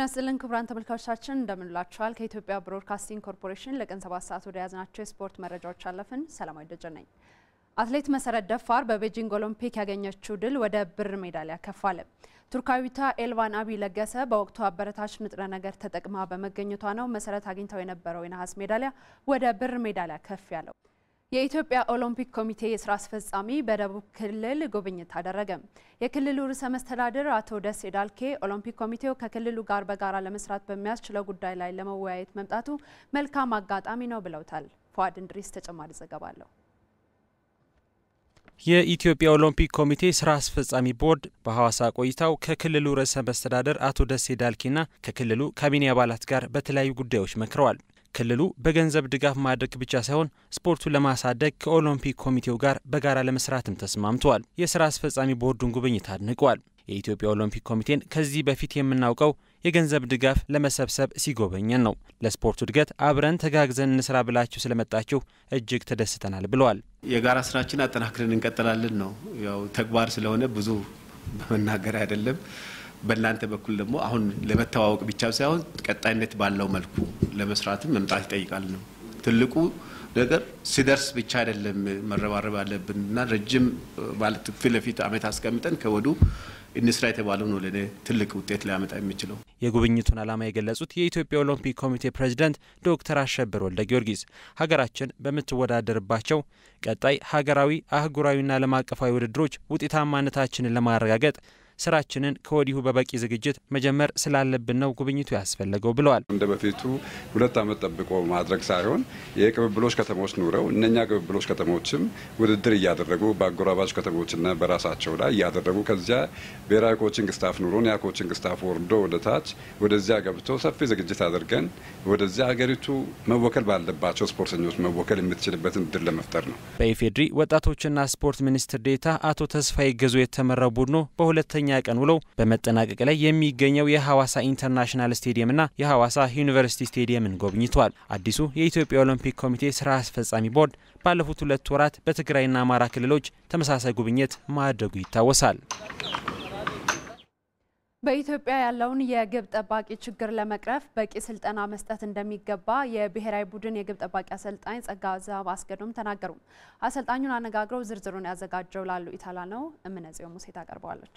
ጤና ይስጥልን ክቡራን ተመልካቾቻችን እንደምንላችኋል። ከኢትዮጵያ ብሮድካስቲንግ ኮርፖሬሽን ለቀን ሰባት ሰዓት ወደ ያዝናቸው የስፖርት መረጃዎች አለፍን። ሰላማዊ ደጀ ነኝ። አትሌት መሰረት ደፋር በቤጂንግ ኦሎምፒክ ያገኘችው ድል ወደ ብር ሜዳሊያ ከፍ አለ። ቱርካዊቷ ኤልቫን አቢ ለገሰ በወቅቱ አበረታች ንጥረ ነገር ተጠቅማ በመገኘቷ ነው መሰረት አግኝተው የነበረው የነሐስ ሜዳሊያ ወደ ብር ሜዳሊያ ከፍ ያለው። የኢትዮጵያ ኦሎምፒክ ኮሚቴ የስራ አስፈጻሚ በደቡብ ክልል ጉብኝት አደረገ። የክልሉ ርዕሰ መስተዳድር አቶ ደሴ ዳልኬ ኦሎምፒክ ኮሚቴው ከክልሉ ጋር በጋራ ለመስራት በሚያስችለው ጉዳይ ላይ ለመወያየት መምጣቱ መልካም አጋጣሚ ነው ብለውታል። ፏድ እንድሪስ ተጨማሪ ዘገባ አለው። የኢትዮጵያ ኦሎምፒክ ኮሚቴ ስራ አስፈጻሚ ቦርድ በሐዋሳ ቆይታው ከክልሉ ርዕሰ መስተዳደር አቶ ደሴ ዳልኬና ከክልሉ ካቢኔ አባላት ጋር በተለያዩ ጉዳዮች መክረዋል። ክልሉ በገንዘብ ድጋፍ ማድረግ ብቻ ሳይሆን ስፖርቱን ለማሳደግ ከኦሎምፒክ ኮሚቴው ጋር በጋራ ለመስራትም ተስማምተዋል። የስራ አስፈጻሚ ቦርዱን ጉብኝት አድንቀዋል። የኢትዮጵያ ኦሎምፒክ ኮሚቴን ከዚህ በፊት የምናውቀው የገንዘብ ድጋፍ ለመሰብሰብ ሲጎበኘን ነው። ለስፖርቱ እድገት አብረን ተጋግዘን እንስራ ብላችሁ ስለመጣችሁ እጅግ ተደስተናል ብለዋል። የጋራ ስራችን አጠናክረን እንቀጥላለን ነው ያው ተግባር ስለሆነ ብዙ በመናገር አይደለም በእናንተ በኩል ደግሞ አሁን ለመተዋወቅ ብቻ ሳይሆን ቀጣይነት ባለው መልኩ ለመስራትም መምጣት ይጠይቃል ነው ትልቁ ነገር። ሲደርስ ብቻ አይደለም መረባረብ አለብን እና ረጅም ማለት ፊት ለፊት አመት አስቀምጠን ከወዱ እንስራ የተባለው ነው ለእኔ ትልቅ ውጤት ሊያመጣ የሚችለው። የጉብኝቱን ዓላማ የገለጹት የኢትዮጵያ ኦሎምፒክ ኮሚቴ ፕሬዚደንት ዶክተር አሸብር ወልደ ጊዮርጊስ ሀገራችን በምትወዳደርባቸው ቀጣይ ሀገራዊ፣ አህጉራዊና ዓለም አቀፋዊ ውድድሮች ውጤታማነታችንን ለማረጋገጥ ስራችንን ከወዲሁ በበቂ ዝግጅት መጀመር ስላለብን ነው ጉብኝቱ ያስፈለገው ብለዋል። እንደ በፊቱ ሁለት ዓመት ጠብቆ ማድረግ ሳይሆን የቅብብሎች ከተሞች ኑረው እነኛ ቅብብሎች ከተሞችም ውድድር እያደረጉ በአጎራባች ከተሞችና በራሳቸው ላይ እያደረጉ ከዚያ ብሔራዊ ኮችንግ ስታፍ ኑሮን ያ ኮችንግ ስታፍ ወርዶ ወደ ታች ወደዚያ ገብቶ ሰፊ ዝግጅት አድርገን ወደዚያ ሀገሪቱ መወከል ባለባቸው ስፖርተኞች መወከል የምትችልበትን እድል ለመፍጠር ነው። በኢፌድሪ ወጣቶችና ስፖርት ሚኒስትር ዴታ አቶ ተስፋዬ ገዙ የተመራው ቡድኑ በሁለተኛ ሁለተኛ ቀን ውለው በመጠናቀቅ ላይ የሚገኘው የሐዋሳ ኢንተርናሽናል ስቴዲየምና የሐዋሳ ዩኒቨርሲቲ ስቴዲየምን ጎብኝቷል። አዲሱ የኢትዮጵያ ኦሎምፒክ ኮሚቴ ስራ አስፈጻሚ ቦርድ ባለፉት ሁለት ወራት በትግራይና አማራ ክልሎች ተመሳሳይ ጉብኝት ማድረጉ ይታወሳል። በኢትዮጵያ ያለውን የግብ ጠባቂ ችግር ለመቅረፍ በቂ ስልጠና መስጠት እንደሚገባ የብሔራዊ ቡድን የግብ ጠባቂ አሰልጣኝ ጸጋ ዛብ አስገዶም ተናገሩ። አሰልጣኙን አነጋግረው ዝርዝሩን ያዘጋጀው ላሉ ኢታላ ነው። እምነጽዮ ሙሴ ታቀርበዋለች።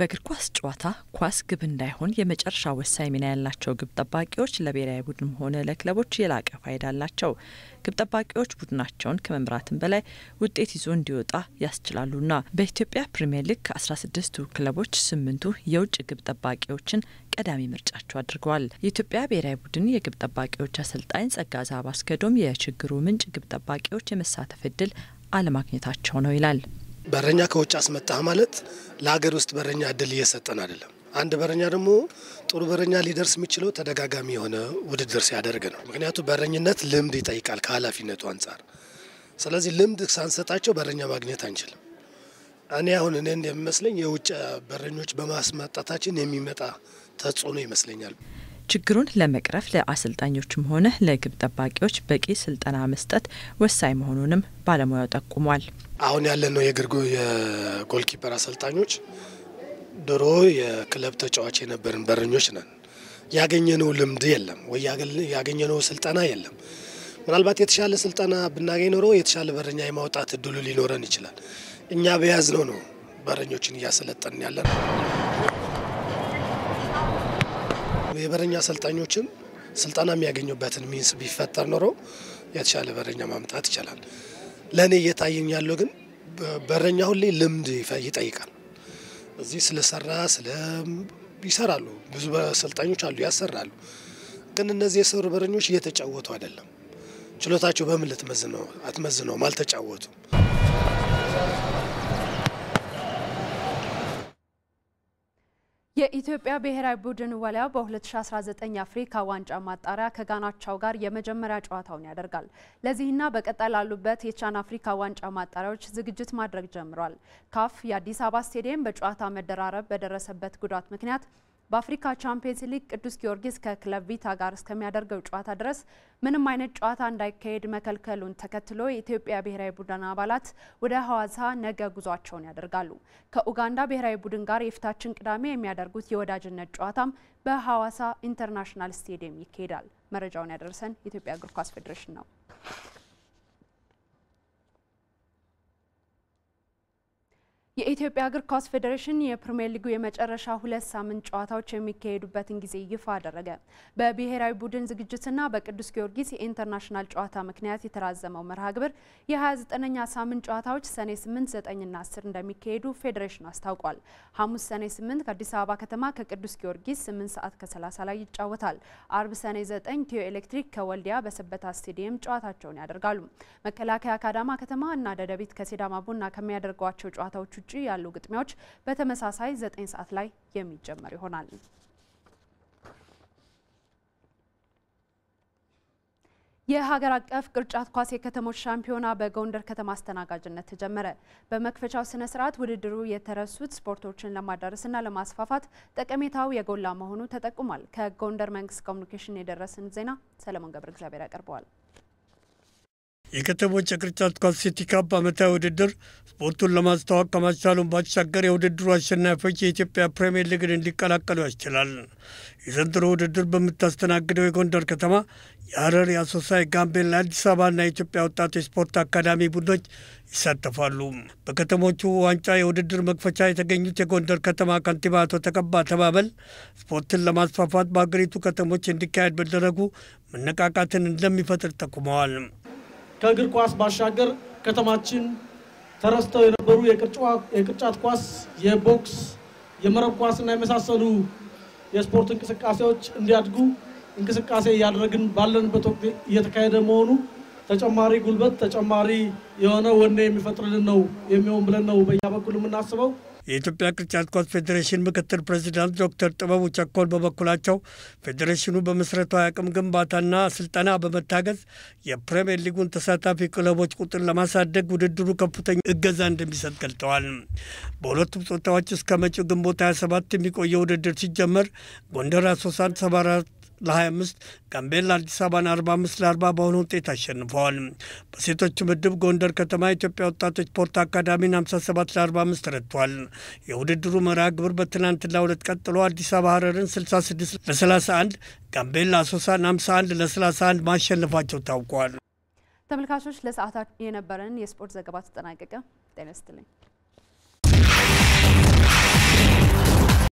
በእግር ኳስ ጨዋታ ኳስ ግብ እንዳይሆን የመጨረሻ ወሳኝ ሚና ያላቸው ግብ ጠባቂዎች ለብሔራዊ ቡድንም ሆነ ለክለቦች የላቀ ፋይዳ አላቸው። ግብ ጠባቂዎች ቡድናቸውን ከመምራትም በላይ ውጤት ይዞ እንዲወጣ ያስችላሉና በኢትዮጵያ ፕሪምየር ሊግ ከ16ቱ ክለቦች ስምንቱ የውጭ ግብ ጠባቂዎችን ቀዳሚ ምርጫቸው አድርገዋል። የኢትዮጵያ ብሔራዊ ቡድን የግብ ጠባቂዎች አሰልጣኝ ጸጋ ዛባ አስገዶም የችግሩ ምንጭ ግብ ጠባቂዎች የመሳተፍ እድል አለማግኘታቸው ነው ይላል። በረኛ ከውጭ አስመጣህ ማለት ለሀገር ውስጥ በረኛ እድል እየሰጠን አይደለም። አንድ በረኛ ደግሞ ጥሩ በረኛ ሊደርስ የሚችለው ተደጋጋሚ የሆነ ውድድር ሲያደርግ ነው። ምክንያቱ በረኝነት ልምድ ይጠይቃል ከኃላፊነቱ አንጻር። ስለዚህ ልምድ ሳንሰጣቸው በረኛ ማግኘት አንችልም። እኔ አሁን እኔ እንደሚመስለኝ የውጭ በረኞች በማስመጣታችን የሚመጣ ተጽዕኖ ይመስለኛል። ችግሩን ለመቅረፍ ለአሰልጣኞችም ሆነ ለግብ ጠባቂዎች በቂ ስልጠና መስጠት ወሳኝ መሆኑንም ባለሙያው ጠቁሟል። አሁን ያለነው የእግር የጎልኪፐር አሰልጣኞች ድሮ የክለብ ተጫዋች የነበርን በረኞች ነን። ያገኘነው ልምድ የለም ወይ ያገኘነው ስልጠና የለም። ምናልባት የተሻለ ስልጠና ብናገኝ ኖሮ የተሻለ በረኛ የማውጣት እድሉ ሊኖረን ይችላል። እኛ በያዝነው ነው በረኞችን እያሰለጠን ያለን። የበረኛ አሰልጣኞችም ስልጠና የሚያገኙበትን ሚንስ ቢፈጠር ኖሮ የተሻለ በረኛ ማምጣት ይቻላል። ለእኔ እየታየኝ ያለው ግን በረኛ ሁሌ ልምድ ይጠይቃል። እዚህ ስለሰራ ስለ ይሰራሉ ብዙ በሰልጣኞች አሉ ያሰራሉ። ግን እነዚህ የሰሩ በረኞች እየተጫወቱ አይደለም። ችሎታቸው በምን ልትመዝነው አትመዝነውም፣ አልተጫወቱም። የኢትዮጵያ ብሔራዊ ቡድን ዋሊያ በ2019 የአፍሪካ ዋንጫ ማጣሪያ ከጋናቻው ጋር የመጀመሪያ ጨዋታውን ያደርጋል። ለዚህና በቀጣይ ላሉበት የቻን አፍሪካ ዋንጫ ማጣሪያዎች ዝግጅት ማድረግ ጀምሯል። ካፍ የአዲስ አበባ ስቴዲየም በጨዋታ መደራረብ በደረሰበት ጉዳት ምክንያት በአፍሪካ ቻምፒየንስ ሊግ ቅዱስ ጊዮርጊስ ከክለብ ቪታ ጋር እስከሚያደርገው ጨዋታ ድረስ ምንም አይነት ጨዋታ እንዳይካሄድ መከልከሉን ተከትሎ የኢትዮጵያ ብሔራዊ ቡድን አባላት ወደ ሐዋሳ ነገ ጉዟቸውን ያደርጋሉ። ከኡጋንዳ ብሔራዊ ቡድን ጋር የፊታችን ቅዳሜ የሚያደርጉት የወዳጅነት ጨዋታም በሐዋሳ ኢንተርናሽናል ስቴዲየም ይካሄዳል። መረጃውን ያደረሰን የኢትዮጵያ እግር ኳስ ፌዴሬሽን ነው። የኢትዮጵያ እግር ኳስ ፌዴሬሽን የፕሪሚየር ሊጉ የመጨረሻ ሁለት ሳምንት ጨዋታዎች የሚካሄዱበትን ጊዜ ይፋ አደረገ። በብሔራዊ ቡድን ዝግጅትና በቅዱስ ጊዮርጊስ የኢንተርናሽናል ጨዋታ ምክንያት የተራዘመው መርሃ ግብር የ29ኛ ሳምንት ጨዋታዎች ሰኔ 8፣ 9ና 10 እንደሚካሄዱ ፌዴሬሽኑ አስታውቋል። ሐሙስ ሰኔ 8 ከአዲስ አበባ ከተማ ከቅዱስ ጊዮርጊስ 8 ሰዓት ከ30 ላይ ይጫወታል። አርብ ሰኔ 9 ኢትዮ ኤሌክትሪክ ከወልዲያ በሰበታ ስቴዲየም ጨዋታቸውን ያደርጋሉ። መከላከያ ከአዳማ ከተማ እና ደደቢት ከሲዳማ ቡና ከሚያደርጓቸው ጨዋታዎቹ ውጪ ያሉ ግጥሚያዎች በተመሳሳይ 9 ሰዓት ላይ የሚጀመር ይሆናል። የሀገር አቀፍ ቅርጫት ኳስ የከተሞች ሻምፒዮና በጎንደር ከተማ አስተናጋጅነት ተጀመረ። በመክፈቻው ስነ ስርዓት ውድድሩ የተረሱት ስፖርቶችን ለማዳረስና ለማስፋፋት ጠቀሜታው የጎላ መሆኑ ተጠቁሟል። ከጎንደር መንግስት ኮሚኒኬሽን የደረሰን ዜና ሰለሞን ገብረ እግዚአብሔር ያቀርበዋል። የከተሞች የቅርጫት ኳስ ሲቲ ካፕ ዓመታዊ ውድድር ስፖርቱን ለማስተዋወቅ ከማስቻሉን ባሻገር የውድድሩ አሸናፊዎች የኢትዮጵያ ፕሪምየር ሊግን እንዲቀላቀሉ ያስችላል። የዘንድሮ ውድድር በምታስተናግደው የጎንደር ከተማ የሐረር፣ የአሶሳ፣ የጋምቤላ፣ አዲስ አበባና የኢትዮጵያ ወጣቶች ስፖርት አካዳሚ ቡድኖች ይሳተፋሉ። በከተሞቹ ዋንጫ የውድድር መክፈቻ የተገኙት የጎንደር ከተማ ከንቲባ አቶ ተቀባ ተባበል ስፖርትን ለማስፋፋት በሀገሪቱ ከተሞች እንዲካሄድ መደረጉ መነቃቃትን እንደሚፈጥር ጠቁመዋል። ከእግር ኳስ ባሻገር ከተማችን ተረስተው የነበሩ የቅርጫት ኳስ፣ የቦክስ፣ የመረብ እና የመሳሰሉ የስፖርት እንቅስቃሴዎች እንዲያድጉ እንቅስቃሴ እያደረግን ባለንበት ወቅት እየተካሄደ መሆኑ ተጨማሪ ጉልበት ተጨማሪ የሆነ ወኔ የሚፈጥርልን ነው የሚሆን ብለን ነው በእኛ በኩል የምናስበው። የኢትዮጵያ ቅርጫት ኳስ ፌዴሬሽን ምክትል ፕሬዚዳንት ዶክተር ጥበቡ ቸኮል በበኩላቸው ፌዴሬሽኑ በመሠረታዊ አቅም ግንባታና ስልጠና በመታገዝ የፕሪምየር ሊጉን ተሳታፊ ክለቦች ቁጥር ለማሳደግ ውድድሩ ከፍተኛ እገዛ እንደሚሰጥ ገልጠዋል። በሁለቱም ጾታዎች እስከ መጪው ግንቦት 27 የሚቆየው ውድድር ሲጀመር ጎንደር አሶሳን 74 ለ25 ጋምቤላ አዲስ አበባን 45 ለ40 በሆነ ውጤት አሸንፈዋል። በሴቶች ምድብ ጎንደር ከተማ የኢትዮጵያ ወጣቶች ስፖርት አካዳሚን 57 ለ45 ረድቷል። የውድድሩ መርሃ ግብር በትናንትናው ሁለት ቀጥሎ አዲስ አበባ ሀረርን 66 ለ31፣ ጋምቤላ አሶሳን 51 ለ31 ማሸነፋቸው ታውቋል። ተመልካቾች ለሰዓታት የነበረን የስፖርት ዘገባ ተጠናቀቀ። ጤና ይስጥልኝ።